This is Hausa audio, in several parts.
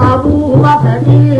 啊呜，马彩的。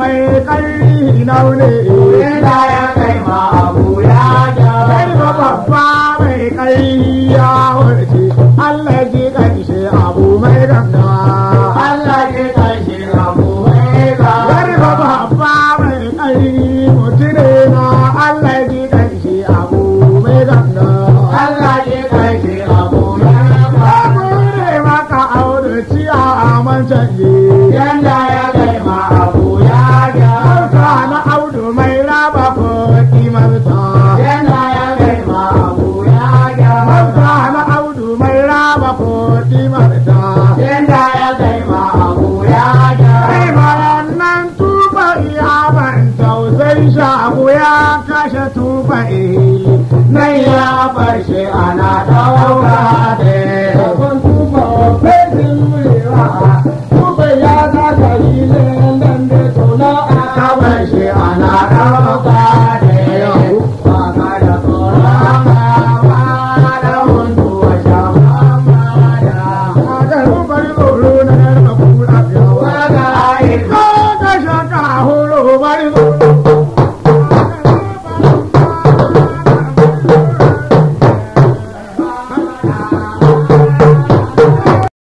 mai ƙarfi na ne